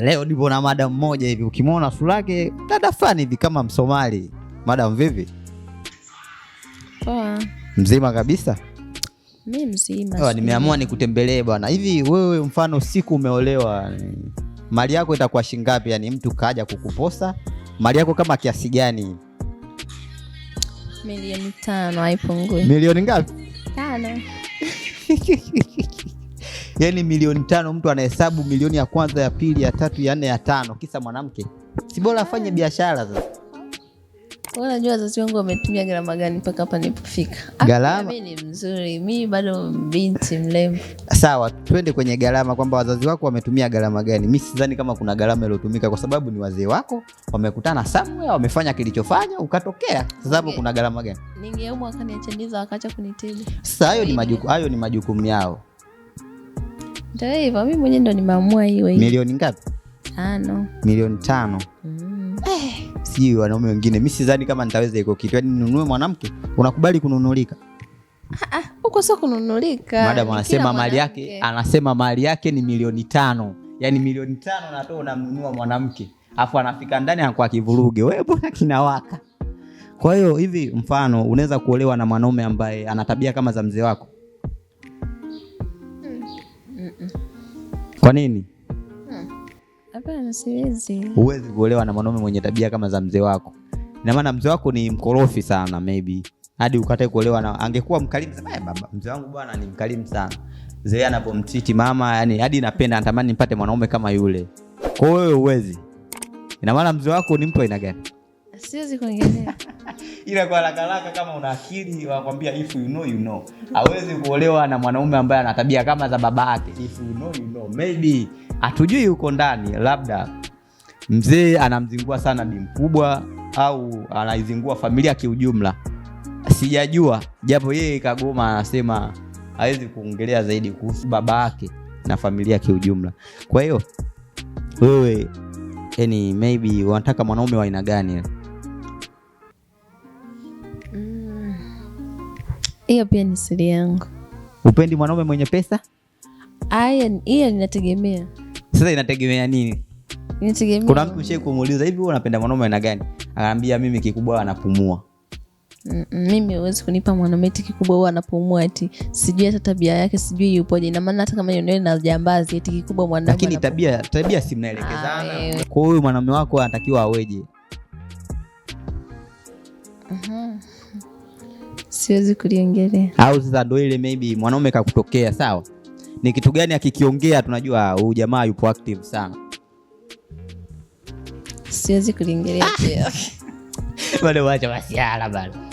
Leo nipo na madam mmoja hivi, ukimwona sura yake dada fulani hivi kama Msomali. Madam vipi? Poa. Mzima kabisa? Mimi mzima. Nimeamua nikutembelee bwana. Hivi wewe mfano siku umeolewa, mali yako itakuwa shingapi? Yaani mtu kaja kukuposa mali yako kama kiasi gani? Milioni tano haipungui. Milioni ngapi? Tano. yani milioni tano, mtu anahesabu milioni ya kwanza, ya pili, ya tatu, ya nne, ya tano, kisa mwanamke. Si bora afanye ah. biashara sasa. Unajua wazazi wangu wametumia gharama gani mpaka hapa nilipofika? Ah, gharama mimi ni mzuri, mimi bado binti mrembo. Sawa, twende kwenye gharama kwamba wazazi wako wametumia gharama gani. Mimi sidhani kama kuna gharama iliyotumika kwa sababu ni wazee wako wamekutana somewhere, wamefanya kilichofanya ukatokea. Sasa hapo kuna gharama gani? Ningeamua akaniacha ndizo akaacha kunitega. Sasa hayo ni majukumu, hayo ni majukumu yao. Ndio hivyo, mimi mwenyewe ndo nimeamua iwe. Milioni ngapi? Tano. Milioni tano. Mm. Eh, sijui wanaume wengine, mimi sidhani kama nitaweza iko kitu. Yaani ninunue mwanamke, unakubali kununulika? Ah, ah, huko sio kununulika. Madam anasema mali yake, anasema mali yake ni milioni tano. Yaani milioni tano natoa unamnunua mwanamke. Afu anafika ndani anakuwa kivuruge. Wewe bwana kinawaka. Kwa hiyo hivi, mfano unaweza kuolewa na mwanaume ambaye ana tabia kama za mzee wako? Kwa nini? Hmm. Hapana, siwezi. Huwezi kuolewa na mwanaume mwenye tabia kama za mzee wako. Ina maana mzee wako ni mkorofi sana, maybe hadi ukatae kuolewa na. Angekuwa mkarimu sana, eh, baba, mzee wangu bwana ni mkarimu sana, mzee anapomtiti mama, yani hadi napenda, natamani nipate mwanaume kama yule. Kwa hiyo wewe huwezi. Ina maana mzee wako ni mtu aina gani? siwezi kuongelea ila kwa haraka haraka, kama una akili wakwambia if you know, you know. Hawezi kuolewa na mwanaume ambaye ana tabia kama za yake. If you know, you know. Maybe hatujui huko ndani, labda mzee anamzingua sana bi mkubwa, au anaizingua familia kiujumla, sijajua. Japo yeye kagoma anasema hawezi kuongelea zaidi kuhusu baba yake na familia kiujumla. Kwa hiyo wewe, yani maybe wanataka mwanaume wa aina gani? Hiyo pia ni siri yangu. Upendi mwanaume mwenye pesa? Aya, hiyo inategemea. Sasa inategemea nini? Inategemea. Kuna mtu mshai kumuuliza hivi, unapenda mwanaume aina gani? Akaambia mimi kikubwa anapumua. Mm, mm, mimi huwezi kunipa mwanaume eti kikubwa huwa anapumua eti sijui hata tabia yake sijui yupoje. Ina maana hata kama yeye na jambazi eti kikubwa mwanaume. lakini tabia tabia si mnaelekezana. Kwa hiyo mwanaume wako anatakiwa aweje? Mhm siwezi kuliongelea. Au sasa ndio ile maybe mwanaume kakutokea, sawa, ni kitu gani akikiongea tunajua huyu jamaa yupo active sana? Siwezi kuliongelea. Bado wacha basi, hala bado